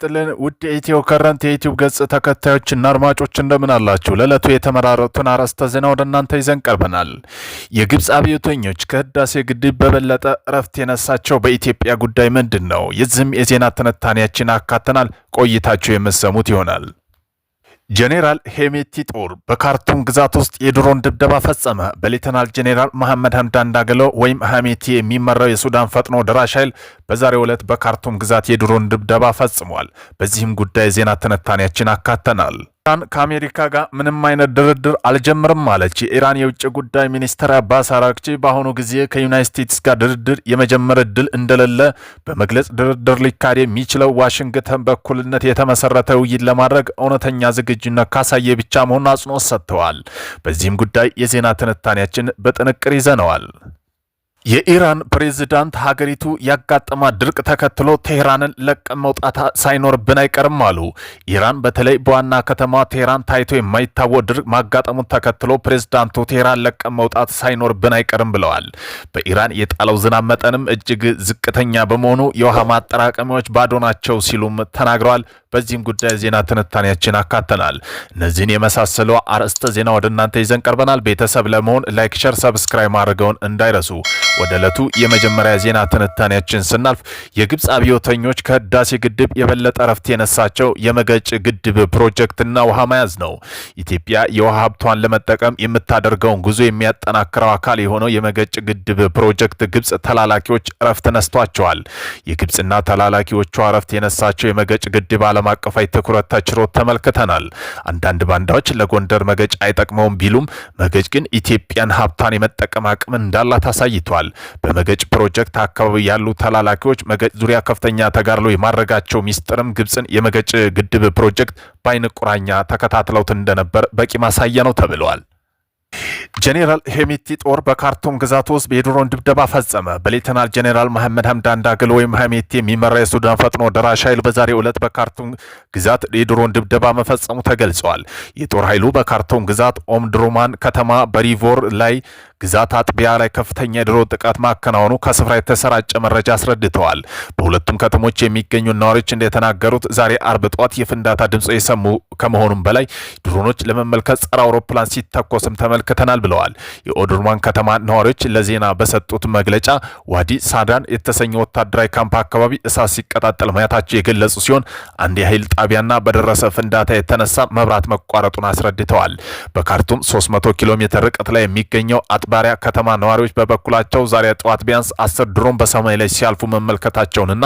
ይስጥልን ውድ ኢትዮ ከረንት የዩትዩብ ገጽ ተከታዮችና አድማጮች እንደምን አላችሁ? ለዕለቱ የተመራረጡን አርዕስተ ዜና ወደ እናንተ ይዘን ቀርበናል። የግብፅ አብዮተኞች ከህዳሴ ግድብ በበለጠ እረፍት የነሳቸው በኢትዮጵያ ጉዳይ ምንድን ነው? የዚህም የዜና ትንታኔያችን አካተናል። ቆይታችሁ የምትሰሙት ይሆናል። ጄኔራል ሄሜቲ ጦር በካርቱም ግዛት ውስጥ የድሮን ድብደባ ፈጸመ። በሌተናል ጄኔራል መሐመድ ሀምዳን ዳገሎ ወይም ሀሜቲ የሚመራው የሱዳን ፈጥኖ ደራሽ ኃይል በዛሬው ዕለት በካርቱም ግዛት የድሮን ድብደባ ፈጽሟል። በዚህም ጉዳይ ዜና ትንታኔያችን አካተናል። ኢራን ከአሜሪካ ጋር ምንም አይነት ድርድር አልጀምርም አለች። የኢራን የውጭ ጉዳይ ሚኒስትር አባስ አራክቺ በአሁኑ ጊዜ ከዩናይት ስቴትስ ጋር ድርድር የመጀመር እድል እንደሌለ በመግለጽ ድርድር ሊካሄድ የሚችለው ዋሽንግተን በኩልነት የተመሰረተ ውይይት ለማድረግ እውነተኛ ዝግጁነት ካሳየ ብቻ መሆኑን አጽንኦት ሰጥተዋል። በዚህም ጉዳይ የዜና ትንታኔያችን በጥንቅር ይዘነዋል። የኢራን ፕሬዝዳንት ሀገሪቱ ያጋጠማ ድርቅ ተከትሎ ቴህራንን ለቀን መውጣት ሳይኖርብን አይቀርም አሉ። ኢራን በተለይ በዋና ከተማ ቴህራን ታይቶ የማይታወቅ ድርቅ ማጋጠሙን ተከትሎ ፕሬዝዳንቱ ቴህራን ለቀን መውጣት ሳይኖርብን አይቀርም ብለዋል። በኢራን የጣለው ዝናብ መጠንም እጅግ ዝቅተኛ በመሆኑ የውሃ ማጠራቀሚያዎች ባዶ ናቸው ሲሉም ተናግረዋል። በዚህም ጉዳይ ዜና ትንታኔያችን አካተናል። እነዚህን የመሳሰሉ አርዕስተ ዜና ወደ እናንተ ይዘን ቀርበናል። ቤተሰብ ለመሆን ላይክ፣ ሸር፣ ሰብስክራይብ ማድረገውን እንዳይረሱ ወደ ዕለቱ የመጀመሪያ ዜና ትንታኔያችን ስናልፍ የግብፅ አብዮተኞች ከህዳሴ ግድብ የበለጠ ረፍት የነሳቸው የመገጭ ግድብ ፕሮጀክትና ውሃ መያዝ ነው። ኢትዮጵያ የውሃ ሀብቷን ለመጠቀም የምታደርገውን ጉዞ የሚያጠናክረው አካል የሆነው የመገጭ ግድብ ፕሮጀክት ግብፅ ተላላኪዎች ረፍት ነስቷቸዋል። የግብፅና ተላላኪዎቿ ረፍት የነሳቸው የመገጭ ግድብ ዓለም አቀፋዊ ትኩረት ተችሮት ተመልክተናል። አንዳንድ ባንዳዎች ለጎንደር መገጭ አይጠቅመውም ቢሉም መገጭ ግን ኢትዮጵያን ሀብቷን የመጠቀም አቅም እንዳላት አሳይቷል። ተገልጿል። በመገጭ ፕሮጀክት አካባቢ ያሉ ተላላኪዎች መገጭ ዙሪያ ከፍተኛ ተጋድሎ የማድረጋቸው ሚስጥርም ግብፅን የመገጭ ግድብ ፕሮጀክት በአይን ቁራኛ ተከታትለውት እንደነበር በቂ ማሳያ ነው ተብለዋል። ጄኔራል ሄሚቲ ጦር በካርቱም ግዛት ውስጥ የድሮን ድብደባ ፈጸመ። በሌተናል ጄኔራል መሐመድ ሀምዳን ዳግል ወይም ሄሚቲ የሚመራ የሱዳን ፈጥኖ ደራሽ ኃይል በዛሬው ዕለት በካርቱም ግዛት የድሮን ድብደባ መፈጸሙ ተገልጿል። የጦር ኃይሉ በካርቱም ግዛት ኦምድሮማን ከተማ በሪቮር ላይ ግዛት አጥቢያ ላይ ከፍተኛ የድሮ ጥቃት ማከናወኑ ከስፍራ የተሰራጨ መረጃ አስረድተዋል። በሁለቱም ከተሞች የሚገኙ ነዋሪዎች እንደተናገሩት ዛሬ አርብ ጠዋት የፍንዳታ ድምፅ የሰሙ ከመሆኑም በላይ ድሮኖች ለመመልከት ጸረ አውሮፕላን ሲተኮስም ተመልክተናል ብለዋል። የኦድርማን ከተማ ነዋሪዎች ለዜና በሰጡት መግለጫ ዋዲ ሳዳን የተሰኘ ወታደራዊ ካምፕ አካባቢ እሳት ሲቀጣጠል ማየታቸው የገለጹ ሲሆን አንድ የኃይል ጣቢያና በደረሰ ፍንዳታ የተነሳ መብራት መቋረጡን አስረድተዋል። በካርቱም 300 ኪሎ ሜትር ርቀት ላይ የሚገኘው ባሪያ ከተማ ነዋሪዎች በበኩላቸው ዛሬ ጠዋት ቢያንስ አስር ድሮን በሰማይ ላይ ሲያልፉ መመልከታቸውንና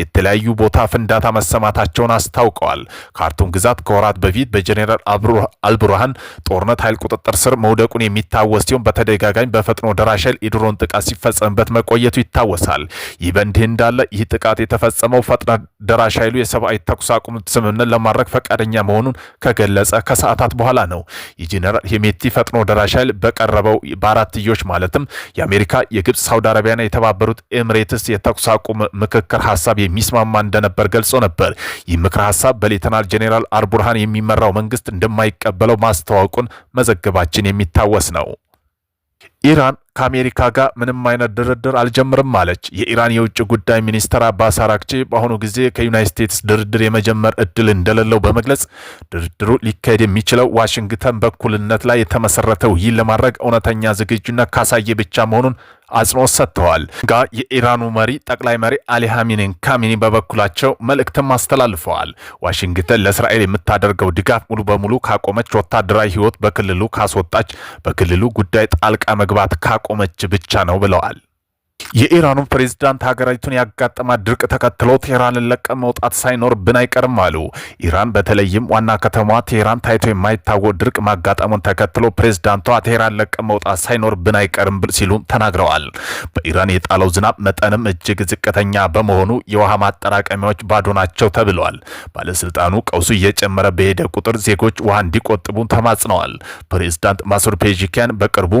የተለያዩ ቦታ ፍንዳታ መሰማታቸውን አስታውቀዋል። ካርቱም ግዛት ከወራት በፊት በጀኔራል አልብርሃን ጦርነት ኃይል ቁጥጥር ስር መውደቁን የሚታወስ ሲሆን በተደጋጋሚ በፈጥኖ ደራሽ ኃይል የድሮን ጥቃት ሲፈጸምበት መቆየቱ ይታወሳል። ይህ በእንዲህ እንዳለ ይህ ጥቃት የተፈጸመው ፈጥኖ ደራሽ ኃይሉ የሰብአዊ ተኩስ አቁም ስምምነት ለማድረግ ፈቃደኛ መሆኑን ከገለጸ ከሰዓታት በኋላ ነው። የጄኔራል ሄሜቲ ፈጥኖ ደራሽ ኃይል በቀረበው አራትዮሽ ማለትም የአሜሪካ፣ የግብፅ፣ ሳውዲ አረቢያና የተባበሩት ኤምሬትስ የተኩስ አቁም ምክክር ሀሳብ የሚስማማ እንደነበር ገልጾ ነበር። ይህ ምክር ሀሳብ በሌተናል ጄኔራል አልቡርሃን የሚመራው መንግስት እንደማይቀበለው ማስታወቁን መዘገባችን የሚታወስ ነው። ኢራን ከአሜሪካ ጋር ምንም አይነት ድርድር አልጀምርም አለች። የኢራን የውጭ ጉዳይ ሚኒስትር አባስ አራክቺ በአሁኑ ጊዜ ከዩናይት ስቴትስ ድርድር የመጀመር እድል እንደሌለው በመግለጽ ድርድሩ ሊካሄድ የሚችለው ዋሽንግተን በኩልነት ላይ የተመሰረተ ውይይት ለማድረግ እውነተኛ ዝግጁነት ካሳየ ብቻ መሆኑን አጽንኦት ሰጥተዋል። ጋ የኢራኑ መሪ ጠቅላይ መሪ አሊ ሐሚኒን ካሚኒ በበኩላቸው መልእክትም አስተላልፈዋል። ዋሽንግተን ለእስራኤል የምታደርገው ድጋፍ ሙሉ በሙሉ ካቆመች፣ ወታደራዊ ህይወት በክልሉ ካስወጣች፣ በክልሉ ጉዳይ ጣልቃ መግባት ካቆመች ብቻ ነው ብለዋል። የኢራኑ ፕሬዚዳንት ሀገራዊቱን ያጋጠማት ድርቅ ተከትሎ ቴህራንን ለቀ መውጣት ሳይኖርብን አይቀርም አሉ። ኢራን በተለይም ዋና ከተማ ቴህራን ታይቶ የማይታወቅ ድርቅ ማጋጠሙን ተከትሎ ፕሬዚዳንቷ ቴህራን ለቀ መውጣት ሳይኖርብን አይቀርም ሲሉ ተናግረዋል። በኢራን የጣለው ዝናብ መጠንም እጅግ ዝቅተኛ በመሆኑ የውሃ ማጠራቀሚያዎች ባዶ ናቸው ተብለዋል። ባለስልጣኑ ቀውሱ እየጨመረ በሄደ ቁጥር ዜጎች ውሃ እንዲቆጥቡ ተማጽነዋል። ፕሬዚዳንት ማሱር ፔዥኪያን በቅርቡ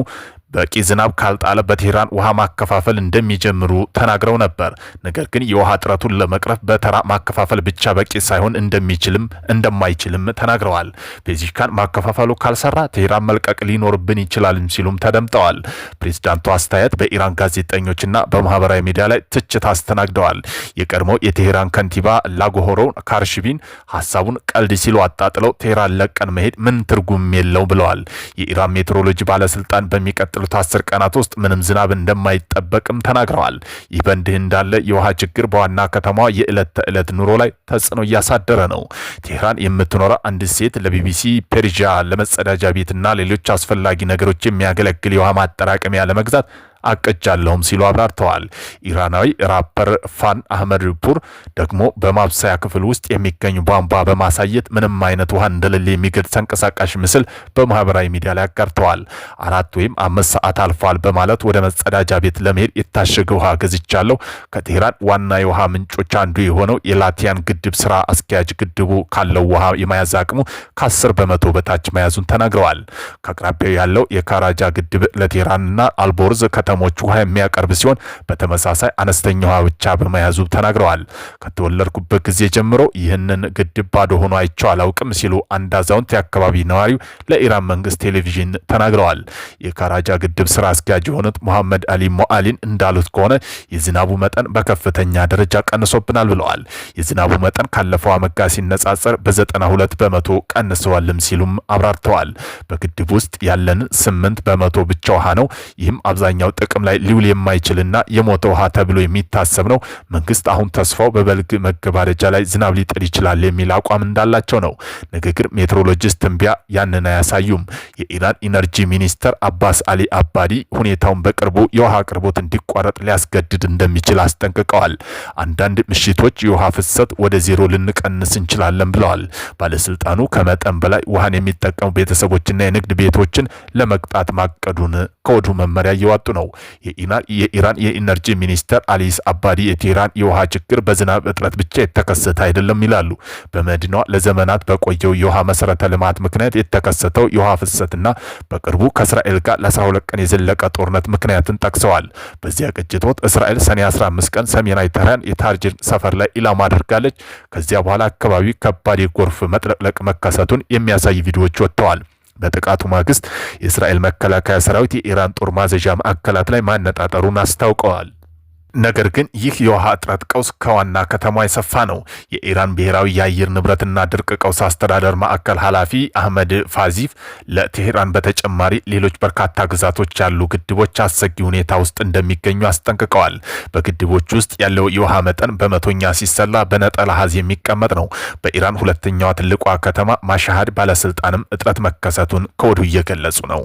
በቂ ዝናብ ካልጣለ በቴህራን ውሃ ማከፋፈል እንደሚጀምሩ ተናግረው ነበር። ነገር ግን የውሃ እጥረቱን ለመቅረፍ በተራ ማከፋፈል ብቻ በቂ ሳይሆን እንደሚችልም እንደማይችልም ተናግረዋል። ፔዚሽካን ማከፋፈሉ ካልሰራ ቴህራን መልቀቅ ሊኖርብን ይችላልም ሲሉም ተደምጠዋል። ፕሬዚዳንቱ አስተያየት በኢራን ጋዜጠኞችና በማህበራዊ ሚዲያ ላይ ትችት አስተናግደዋል። የቀድሞው የቴህራን ከንቲባ ላጎሆሮ ካርሽቢን ሀሳቡን ቀልድ ሲሉ አጣጥለው ቴህራን ለቀን መሄድ ምን ትርጉም የለው ብለዋል። የኢራን ሜትሮሎጂ ባለስልጣን በሚቀጥል ባሉት አስር ቀናት ውስጥ ምንም ዝናብ እንደማይጠበቅም ተናግረዋል። ይህ በእንዲህ እንዳለ የውሃ ችግር በዋና ከተማዋ የዕለት ተዕለት ኑሮ ላይ ተጽዕኖ እያሳደረ ነው። ቴህራን የምትኖረው አንዲት ሴት ለቢቢሲ ፔርዣ ለመጸዳጃ ቤትና ሌሎች አስፈላጊ ነገሮች የሚያገለግል የውሃ ማጠራቀሚያ ለመግዛት አቅጃለሁም ሲሉ አብራርተዋል። ኢራናዊ ራፐር ፋን አህመድ ፑር ደግሞ በማብሰያ ክፍል ውስጥ የሚገኝ ቧንቧ በማሳየት ምንም አይነት ውሃ እንደሌለ የሚገልጽ ተንቀሳቃሽ ምስል በማህበራዊ ሚዲያ ላይ አጋርተዋል። አራት ወይም አምስት ሰዓት አልፏል በማለት ወደ መጸዳጃ ቤት ለመሄድ የታሸገ ውሃ ገዝቻለሁ። ከቴህራን ዋና የውሃ ምንጮች አንዱ የሆነው የላቲያን ግድብ ስራ አስኪያጅ ግድቡ ካለው ውሃ የመያዝ አቅሙ ከአስር በመቶ በታች መያዙን ተናግረዋል። ከአቅራቢያው ያለው የካራጃ ግድብ ለቴህራንና አልቦርዝ ከተማ ከተሞች ውሃ የሚያቀርብ ሲሆን በተመሳሳይ አነስተኛ ውሃ ብቻ በመያዙ ተናግረዋል። ከተወለድኩበት ጊዜ ጀምሮ ይህንን ግድብ ባዶ ሆኖ አይቼው አላውቅም ሲሉ አንድ አዛውንት የአካባቢ ነዋሪው ለኢራን መንግስት ቴሌቪዥን ተናግረዋል። የካራጃ ግድብ ስራ አስኪያጅ የሆኑት ሙሐመድ አሊ ሞአሊን እንዳሉት ከሆነ የዝናቡ መጠን በከፍተኛ ደረጃ ቀንሶብናል ብለዋል። የዝናቡ መጠን ካለፈው ዓመት ጋር ሲነጻጸር በ92 በመቶ ቀንሰዋልም ሲሉም አብራርተዋል። በግድብ ውስጥ ያለን ስምንት በመቶ ብቻ ውሃ ነው። ይህም አብዛኛው ጥቅም ላይ ሊውል የማይችልና የሞተ ውሃ ተብሎ የሚታሰብ ነው። መንግስት አሁን ተስፋው በበልግ መገባደጃ ላይ ዝናብ ሊጥል ይችላል የሚል አቋም እንዳላቸው ነው። ንግግር ሜትሮሎጂስት ትንቢያ ያንን አያሳዩም። የኢራን ኢነርጂ ሚኒስተር አባስ አሊ አባዲ ሁኔታውን በቅርቡ የውሃ አቅርቦት እንዲቋረጥ ሊያስገድድ እንደሚችል አስጠንቅቀዋል። አንዳንድ ምሽቶች የውሃ ፍሰት ወደ ዜሮ ልንቀንስ እንችላለን ብለዋል። ባለስልጣኑ ከመጠን በላይ ውሃን የሚጠቀሙ ቤተሰቦችና የንግድ ቤቶችን ለመቅጣት ማቀዱን ከወዲሁ መመሪያ እየዋጡ ነው። ነው። የኢራን የኢነርጂ ሚኒስተር አሊስ አባዲ የቴህራን የውሃ ችግር በዝናብ እጥረት ብቻ የተከሰተ አይደለም ይላሉ። በመዲናዋ ለዘመናት በቆየው የውሃ መሰረተ ልማት ምክንያት የተከሰተው የውሃ ፍሰትና በቅርቡ ከእስራኤል ጋር ለ12 ቀን የዘለቀ ጦርነት ምክንያትን ጠቅሰዋል። በዚያ ግጭት ወቅት እስራኤል ሰኔ 15 ቀን ሰሜናዊ ቴህራን የታርጅን ሰፈር ላይ ኢላማ አድርጋለች። ከዚያ በኋላ አካባቢ ከባድ የጎርፍ መጥለቅለቅ መከሰቱን የሚያሳይ ቪዲዮዎች ወጥተዋል። በጥቃቱ ማግስት የእስራኤል መከላከያ ሰራዊት የኢራን ጦር ማዘዣ ማዕከላት ላይ ማነጣጠሩን አስታውቀዋል። ነገር ግን ይህ የውሃ እጥረት ቀውስ ከዋና ከተማ የሰፋ ነው። የኢራን ብሔራዊ የአየር ንብረትና ድርቅ ቀውስ አስተዳደር ማዕከል ኃላፊ አህመድ ፋዚፍ ለቴሄራን በተጨማሪ ሌሎች በርካታ ግዛቶች ያሉ ግድቦች አሰጊ ሁኔታ ውስጥ እንደሚገኙ አስጠንቅቀዋል። በግድቦች ውስጥ ያለው የውሃ መጠን በመቶኛ ሲሰላ በነጠላ አሃዝ የሚቀመጥ ነው። በኢራን ሁለተኛዋ ትልቋ ከተማ ማሻሃድ ባለስልጣንም እጥረት መከሰቱን ከወዲሁ እየገለጹ ነው።